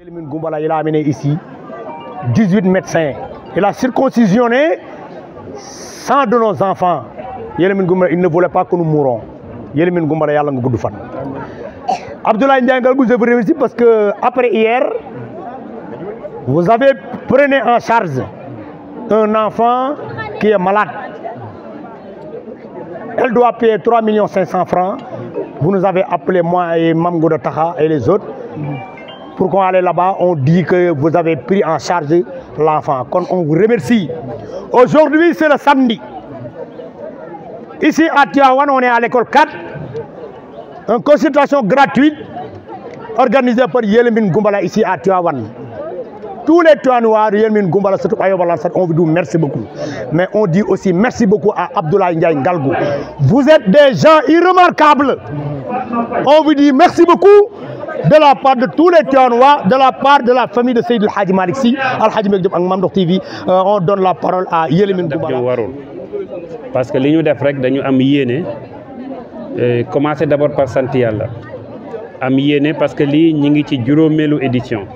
il a amené ici 18 médecins. Il a circoncisionné 100 de nos enfants. il ne voulait pas que nous mourons. Goumbala, Abdoulaye Ndiangal, vous avez réussi parce que après hier, vous avez pris en charge un enfant qui est malade. Elle doit payer 3 500 francs. Vous nous avez appelé, moi et et les autres. Pour qu'on allait là-bas, on dit que vous avez pris en charge l'enfant. on vous remercie. Aujourd'hui, c'est le samedi. Ici à Tiawan, on est à l'école 4. Une consultation gratuite organisée par Yelmin Gumbala ici à Tiawan. Tous les Tois-Noirs, Yelmin Gumbala, on vous dit merci beaucoup. Mais on dit aussi merci beaucoup à Abdoulaye Ndiaye Ngalgo. Vous êtes des gens irremarquables. On vous dit merci beaucoup de la part de tous les Tivaouanois, de la part de la famille de Seydou Hadji Malik Sy Al Hadji Malick Diop ak Mame TV euh, on donne la parole à Yélimine Goumbala parce que li ñu def rek dañu am yéene euh, commencer d'abord par sant yàlla am yéene parce que li ñi ngi ci juróomeelu édition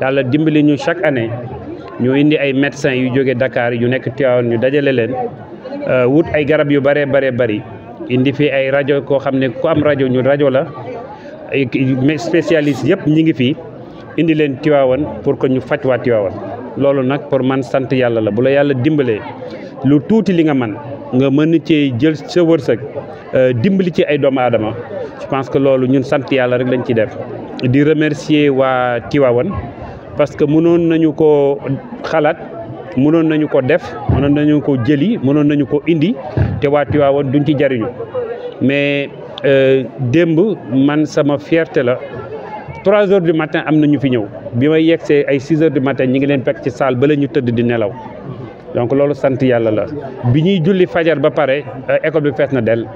yàlla dimbali ñu chaque année ñu indi ay médecins yu jóge Dakar yu nekk Tivaouane ñu dajale leen euh, wut ay garab yu bare bare bari indi fi ay rajo koo xam ne am radio ñu radio la mais spécialiste yep ñi ngi fi indi leen Tiwaawan pour que ñu fajj wa Tiwaawan loolu nak pour man sante yalla la bu la yalla dimbalé lu tuuti li nga man nga mën ci jël sa wërsëg euh, dimbali ci ay doom adama je pense que loolu ñun sante yalla rek lañ ci def di remercier wa Tiwaawan parce que mënon nañu ko xalat mënon nañu ko def mënon nañu ko jëli mënon nañu ko indi te wa Tiwaawan duñ ci jariñu mais Euh, démb man sama fierté la trois heures du matin am na ñu fi ñëw bi may yegsee ay six heures du matin ñi ngi leen fekk ci salle ba la ñu tëdd di nelaw donc loolu sant yàlla la bi ñuy julli fajar ba pare euh, école bi fees na dell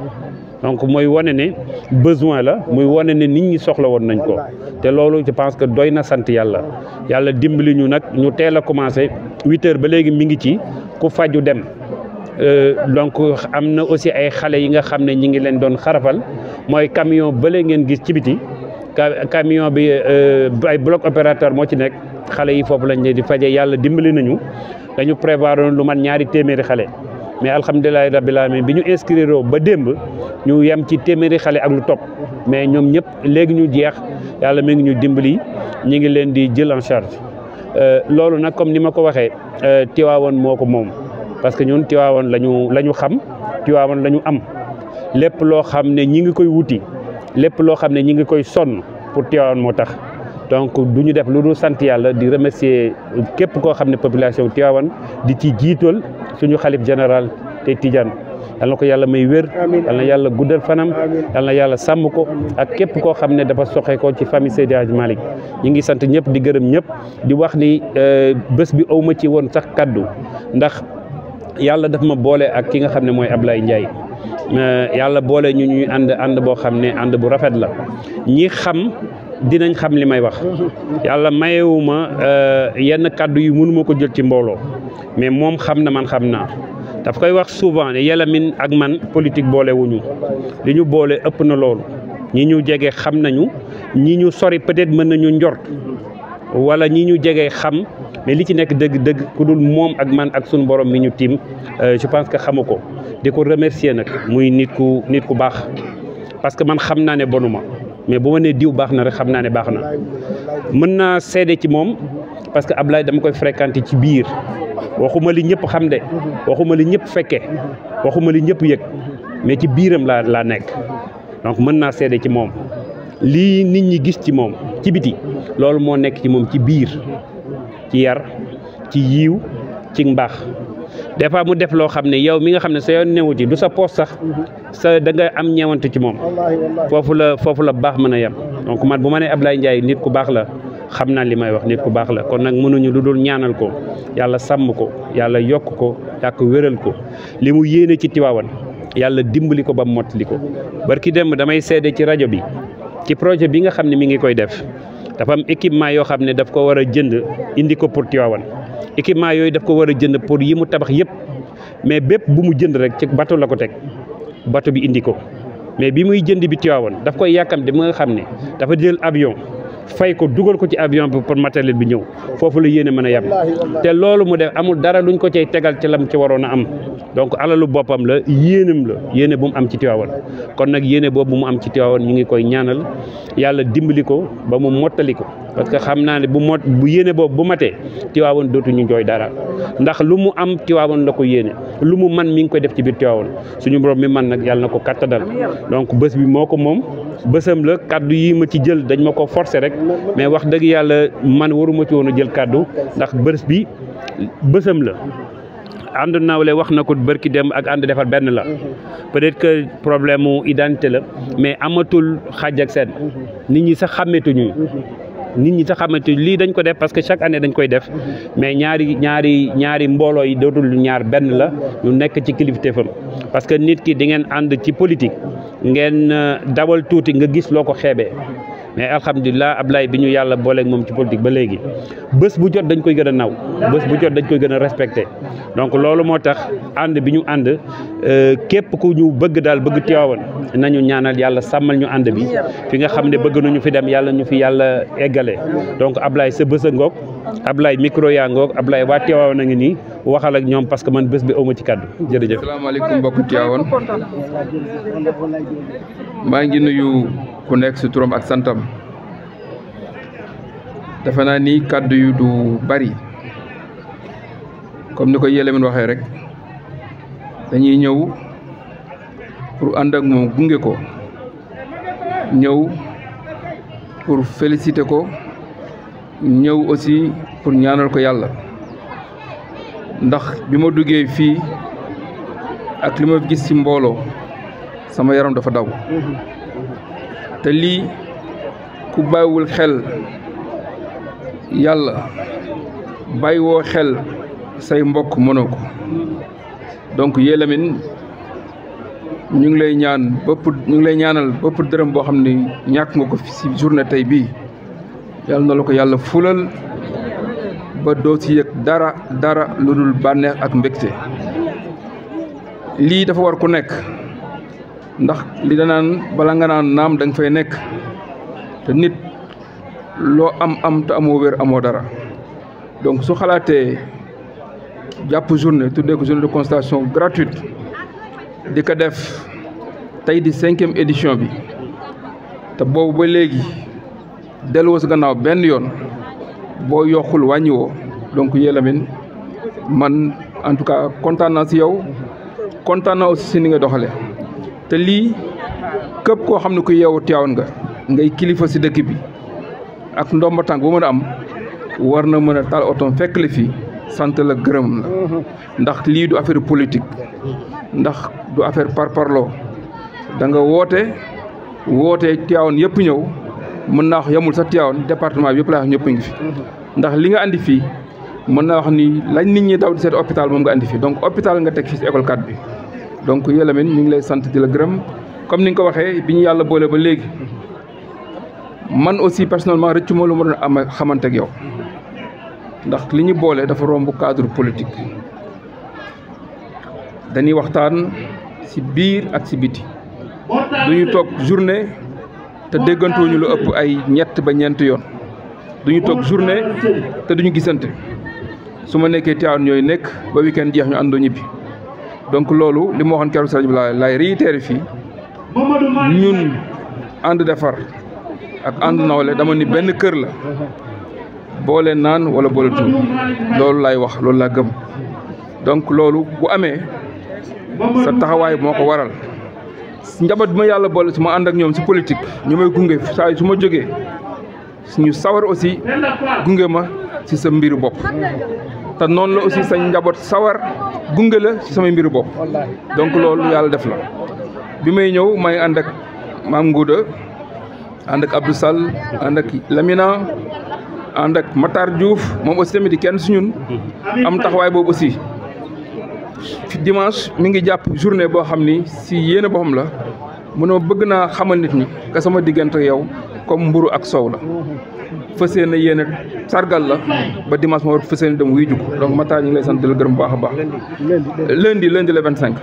donc mooy wane ne besoin la mooy wane ne nit ñi soxla woon nañ ko te loolu je pense que doy na sant yàlla yàlla dimbali ñu nag ñu teel a commencé huit ba léegi mi ngi ci ku faju dem Euh, donc am na aussi ay xale yi nga xam ne ñi ngi leen doon xarafal mooy camion bële ngeen gis ci biti ka camion bi euh, ay bloc opérateur moo ci nekk xale yi foofu lañ leen di faje yàlla dimbali nañu dañu prévoir lu man ñaari téeméeri xale mais alhamdulilahi rabbil alamin bi ñu inscrire ba démb ñu yem ci téeméeri xale ak lu topp mais ñoom ñëpp léegi ñu jeex yàlla mi ngi ñu dimbali ñu ngi leen di jël en charge euh, loolu nag comme ni ma ko waxee Tiwaawoon moo ko moom parce que ñun Tiwaawan lañu la ñu xam Tiwaawan la am lépp loo xam ne ñi ngi koy wuti lépp loo xam ne ñi ngi koy sonn pour Tiwaawan moo tax donc du ñu def lu dul sant yàlla di remercier képp koo xam ne population Tiwaawan di ci jiitool suñu xalif général te Tidiane yal ko yàlla may wér yal na yàlla guddal fanam yal yàlla sàmm ko ak képp koo xam ne dafa soxe ko ci famille Seydi Hadji Malick ñi ngi sant ñëpp di gërëm ñëpp di wax ni euh, bés bi awma ci woon sax kàddu ndax yàlla daf ma boole ak ki nga xam ne mooy Ablaye Ndiaye euh, yàlla boole ñu ñuy ànd ànd boo xam ne ànd bu rafet la ñi xam dinañ xam li may wax yàlla mayewu ma euh, yenn kàddu yi mënu ko jël ci mbooloo mais moom xam na man xam naa daf koy wax souvent ne min ak man politique boole wuñu li ñu boole ëpp na loolu ñi ñu jege xam nañu ñii ñu sori peut-être mën nañu njort wala ñi ñu jege xam mais li ci nekk dëgg-dëgg ku dul moom ak man ak sunu borom mi ñu tiim euh, je pense que xamu ko di ko remercier nag muy nit ku nit ku baax parce que man xam naa ne bonuma mais boo ma nee diw baax na rek xam naa ne baax na mën naa seede ci moom parce que Ablaye dama koy fréquenté ci biir waxuma li ñëpp xam de waxuma li ñëpp fekke waxuma li ñëpp yëg mais ci biiram laa laa nekk donc mën naa seede ci moom lii nit ñi gis ci moom ci biti loolu moo nekk ci moom ci biir ci yar ci yiiw ci mbaax des fois mu def loo xam ne yow mi nga xam ne sa yoon newu ci du sa poos sax sa da am ñeewante ci moom foofu la foofu la baax mën a yem donc man bu ma nee lay Ndiaye nit ku baax la xam naa li may wax nit ku baax la kon nag mënuñu lu dul ñaanal ko yàlla sàmm ko yàlla yokk ko yàq wéral ko li mu yéene ci Tiwaawan yàlla dimbali ko ba mottali ko barki dem damay seede ci rajo bi ci projet bi nga xam ne mi ngi koy def dafa am équipement yoo xam ne daf ko war a jënd indi ko pour Tivaouane équipement yooyu daf ko war a jënd pour yi mu tabax yëpp mais bépp bu mu jënd rek ci bato la ko teg bato bi indi ko mais bi muy jënd bi Tivaouane daf koy yàkkamti ba nga xam ne dafa jël avion fay ko dugal ko ci avion bi pour matériel bi ñëw foofu la yéene mën a yem te loolu mu def amul dara luñ ko cay tegal ci la mu ci waroon am donc alalu boppam la yéenam la yéene bu mu am ci Tiwaawan kon nag yéene boobu mu am ci Tiwaawan ñu ngi koy ñaanal yàlla dimbali ko ba mu mottali ko parce que xam naa ne bu mot bu yéene boobu bu matee Tiwaawan dootuñu jooy dara ndax lu mu am Tiwaawan la ko yéene lu mu man mi ngi koy def ci biir Tiwaawan suñu borom mi man nag yàlla na ko kattanal donc bés bi moo ko moom bësam la kàddu yi ma ci jël dañ ma ko forcer rek mais wax dëgg yàlla man waruma ci woon a jël kaddu ndax bés bi bésam la. ànd nawle wax na ko bërki dem ak ànd defar benn la mhm. peut-être que problème mu identité la mhm. mais amatul xaaj ak seen mhm. nit ñi sax xàmmeetuñu nit ñi sax xamante lii dañ ko def parce que chaque année dañ koy def mais ñaari ñaari ñaari mbooloo yi dootul ñaar benn la ñu nekk ci kilifteefam parce que nit ki di ngeen ànd ci politique ngeen euh, dawal tuuti nga gis loo ko xeebee mais alhamdulilah Ablaye bi ñu yàlla booleeg moom ci politique ba léegi bës bu jot dañ koy gën a naw bés bu jot dañ koy gën a respecté donc loolu moo tax ànd bi ñu ànd euh, képp ku ñu bëgg daal bëgg Tiwaawan nañu ñaanal yàlla sàmmal ñu ànd bi fi nga xam ne bëgg ñu fi dem yàlla ñu fi yàlla eggale donc Ablaye sa bés a ngoog Ablaye micro yaa ngoog Ablaye waa Tiwaawan a ngi nii waxal ak ñoom parce que man bés bi awma ci kàddu jërëjëf. asalaamaaleykum mbokk Tiwaawan maa ku nek ci turam ak santam defe naa ni kaddu yu du bari comme niko ko yelemin waxe rek dañuy ñew pour and ak moom gungé ko ñew pour féliciter ko ñew aussi pour ñaanal ko yalla ndax bi duggé fi ak lima gis ci mbolo sama yaram dafa daw mhm. te lii ku bàyyiwul xel yàlla bàyyiwoo xel say mbokk mënoo ko donc yéelamin ñu ngi lay ñaan bëpp ñu ngi lay ñaanal bëpp dërëm boo xam ne ñàkk nga ko ci journée tey bii yàlla na la ko yàlla fulal ba doo ci yëg dara dara lu dul bànneex ak mbégte lii dafa war ku nekk ndax li danaan bala nga naan naam da fay nekk te nit loo am am te amoo wér amoo dara donc su xalaatee jàpp journée tuddee ko journée de constration gratuite di ko def tey di cinquième édition bi te boobu ba léegi delluwoo si gannaaw benn yoon boo yokkul wàññiwoo donc yéen man en tout cas kontaan naa si yow kontaan naa aussi si ni nga doxalee. te li kep ko xamne ne ku yeewu Tiwaawan nga ngay kilifa ci dekk bi ak ndomba tànk bu meuna am warna meuna tal autom fekk li fi sante la gërëm la ndax li du affaire politique ndax du affaire parlo da nga woote wote Tiwaawan yep ñew mën na wax yamul sa Tiwaawan département bi yep la wax ñep ngi fi ndax li nga andi fi mën na wax ni lañ nit ñi daw ci cet hôpital mom nga andi fi. donc hôpital nga tek fii école 4 bi donc yow Lamine ñu ngi lay sant di la gërëm comme ni nga ko waxee bi ñu yàlla boole ba léegi man aussi personnellement rëccu ma lu ma doon am xamante ak yow ndax li ñu boole dafa romb cadre politique dañuy waxtaan ci biir ak ci biti du toog journée te déggantooñu lu ëpp ay ñett ba ñeent yoon du ñu toog journée te duñu gisante su ma nekkee Tivaouane yooyu nekk ba wi kenn jeex ñu àndoo ñibbi donc lolu limu waxon waxoon serigne sëriñ lay réitéré fi ñun and defar ak and nawle dama ni ben kër la boole nan wala boole tu lolu lay wax lolu la gëm donc lolu bu amé sa taxaway moko waral njabot bi ma yàlla boole su ma ak ñom si politique ñumay gungé gunge yu ñu sawar aussi gungé ma si sa mbiru bop ta non la aussi sa njabot sawar gunge la ci sama mbiru bopp donc loolu yalla def la bi may ñëw may and ak mam Ngouda and ak Abdou Sall and ak Lamina and ak Matar Diouf mom aussi tamit di kenn si ñun mm-hmm. am taxawaay bop aussi dimanche mi ngi japp journée bo xamni ni si yéene boo xam la mëno bëgg na xamal nit ñi ka sama ak yow comme mburu ak soow la mm-hmm fassiyene yene sargal la ba dimanche mo war fas dem wuy donc mata ñu lendi lay sant di si gërëm baax baax. lundi lundi le 25.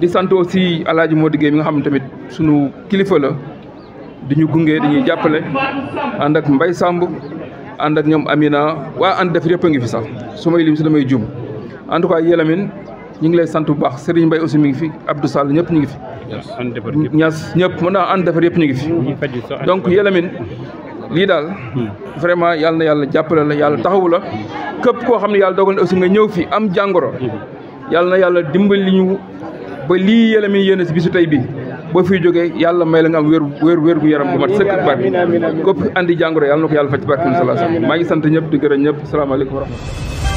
di sant aussi aladji mi nga xam tamit sunu kilifa la di ñu gunge ñu jappalé and ak mbay sambu and ak ñom Amina wa and def yepp ngi fi sax su may lim si damay juum en tout cas Yélamine ñu ngi lay sant bu baax Serigne mbay aussi mi ngi fi Abdou Sall ñepp ñu ngi fi. ñepp defar yepp ñu ngi fi. donc lii daal vraiment yàlla na yàlla jàppale la yàlla taxawu la képp koo xam ne yàlla dogal na aussi nga ñëw fi am jàngoro yàlla na yàlla dimbali ñu ba lii yële mi yéene si bisu tey bii boo fiy jógee yàlla may la nga am wér wér wér gu yaram bu mat sëkk ak barke képp andi jàngoro yàlla na ko yàlla faj ci barke sallallahu alayhi maa ngi sant ñëpp di gërëm ñëpp salaamaaleykum wa rahmatulah